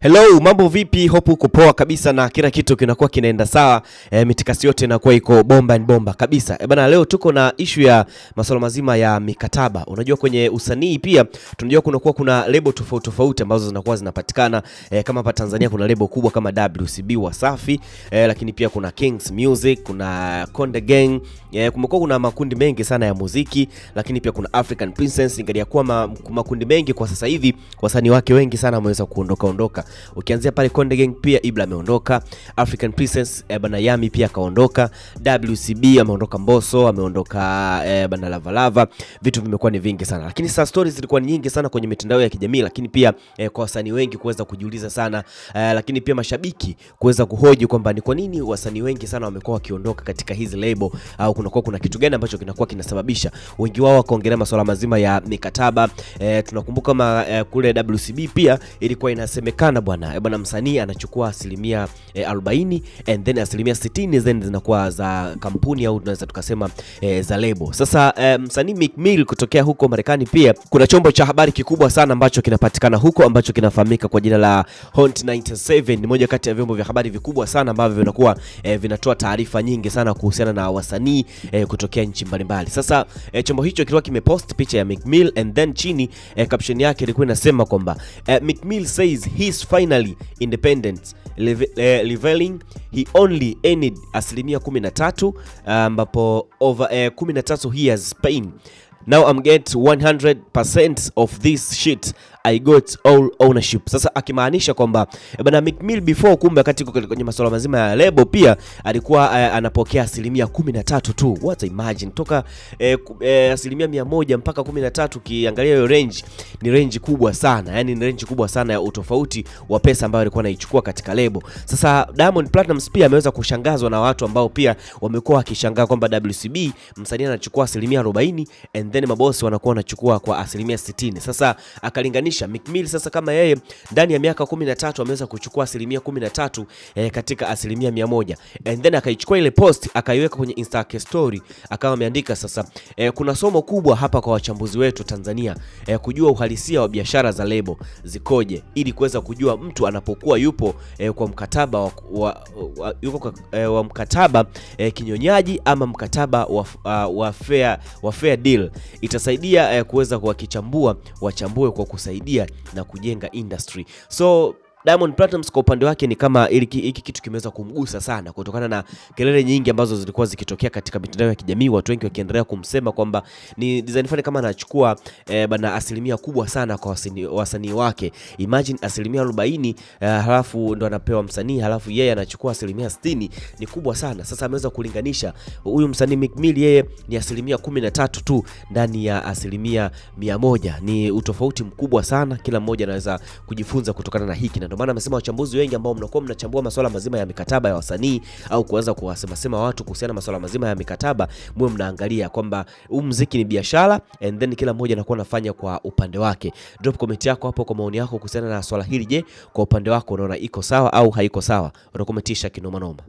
Hello, mambo vipi? Hope uko poa kabisa na kila kitu kinakuwa kinaenda sawa. E, mitikasi yote inakuwa iko bomba ni bomba kabisa. E, bana leo tuko na ishu ya masuala mazima ya mikataba. Unajua kwenye usanii pia tunajua kuna kuwa kuna lebo tofauti tofauti ambazo zinakuwa zinapatikana. E, kama hapa Tanzania kuna lebo kubwa kama WCB Wasafi, e, lakini pia kuna Kings Music, kuna Konde Gang. E, kumekuwa kuna makundi mengi sana ya muziki, lakini pia kuna African Princess, ingalia kuwa makundi mengi kwa sasa hivi wasanii wake wengi sana wameweza kuondoka ondoka Ukianzia pale Konde Gang pia Ibla ameondoka, African Princess eh, bana Yami pia akaondoka, WCB ameondoka, Mboso ameondoka, eh, bana Lava Lava. Vitu vimekuwa ni vingi sana, lakini saa stories zilikuwa ni nyingi sana kwenye mitandao ya kijamii, lakini pia eh, kwa wasanii wengi kuweza kujiuliza sana eh, lakini pia mashabiki kuweza kuhoji kwamba ni kwa nini wasanii wengi sana wamekuwa wakiondoka katika hizi label au kunakuwa kuna kitu gani ambacho kinakuwa kinasababisha wengi wao wakaongelea masuala mazima ya mikataba eh, tunakumbuka ma, eh, kule WCB pia ilikuwa inasemekana unaona bwana eh, bwana, msanii anachukua asilimia e, eh, 40 and then asilimia 60 then zinakuwa za kampuni au tunaweza tukasema e, za lebo. Sasa e, msanii Meek Mill kutokea huko Marekani, pia kuna chombo cha habari kikubwa sana ambacho kinapatikana huko ambacho kinafahamika kwa jina la Hot 97. Ni moja kati ya vyombo vya habari vikubwa sana ambavyo vinakuwa e, vinatoa taarifa nyingi sana kuhusiana na wasanii e, kutokea nchi mbalimbali. Sasa e, chombo hicho kilikuwa kimepost picha ya Meek Mill and then chini e, caption yake ilikuwa inasema kwamba e, Meek Mill says his finally independent leveling eh, he only ended asilimia 13 eh, ambapo um, over uh, 13 he has Spain now I'm get 100% of this shit I got all ownership. Sasa akimaanisha kwamba eh, bwana Meek Mill before, kumbe wakati kwenye masuala mazima ya lebo pia alikuwa uh, anapokea asilimia 13 tu. What imagine toka eh, asilimia eh, eh, 100 mpaka 13, kiangalia hiyo range ni range kubwa sana, yani ni range kubwa sana ya utofauti wa pesa ambayo alikuwa anaichukua katika lebo. Sasa Diamond Platnumz pia ameweza kushangazwa na watu ambao pia wamekuwa wakishangaa kwamba WCB msanii anachukua asilimia 40 and then mabosi wanakuwa wanachukua kwa asilimia 60. Sasa akalinganisha kuridhisha. McMill sasa kama yeye ndani ya miaka 13 ameweza kuchukua asilimia 13 eh, katika asilimia 100 and then akaichukua ile post akaiweka kwenye Insta story akawa ameandika sasa, eh, kuna somo kubwa hapa kwa wachambuzi wetu Tanzania eh, kujua uhalisia wa biashara za lebo zikoje ili kuweza kujua mtu anapokuwa yupo eh, kwa mkataba wa, wa, wa, yuko kwa, eh, wa mkataba eh, kinyonyaji ama mkataba wa, uh, wa fair, wa fair deal itasaidia eh, kuweza kuwakichambua wachambue kwa kusaidia kusaidia na kujenga industry so Diamond Platnumz kwa upande wake ni kama hiki kitu kimeweza kumgusa sana kutokana na kelele nyingi ambazo zilikuwa zikitokea katika mitandao ya kijamii, watu wengi wakiendelea kumsema kwamba ni design fani kama anachukua e, bana asilimia kubwa sana kwa wasanii wake. Imagine asilimia 40 uh, eh, halafu ndo anapewa msanii halafu yeye anachukua asilimia 60, ni kubwa sana. Sasa ameweza kulinganisha huyu msanii Meek Mill, yeye ni asilimia 13 tu ndani ya asilimia 100. Ni utofauti mkubwa sana, kila mmoja anaweza kujifunza kutokana na hiki na maana amesema wachambuzi wengi ambao mnakuwa mnachambua masuala mazima ya mikataba ya wasanii au kuanza kuwasemasema watu kuhusiana na masuala mazima ya mikataba, mwe mnaangalia kwamba huu muziki ni biashara and then kila mmoja anakuwa anafanya kwa upande wake. Drop comment yako hapo kwa maoni yako kuhusiana na swala hili. Je, kwa upande wako unaona iko sawa au haiko sawa? Unakomentisha kinomanoma.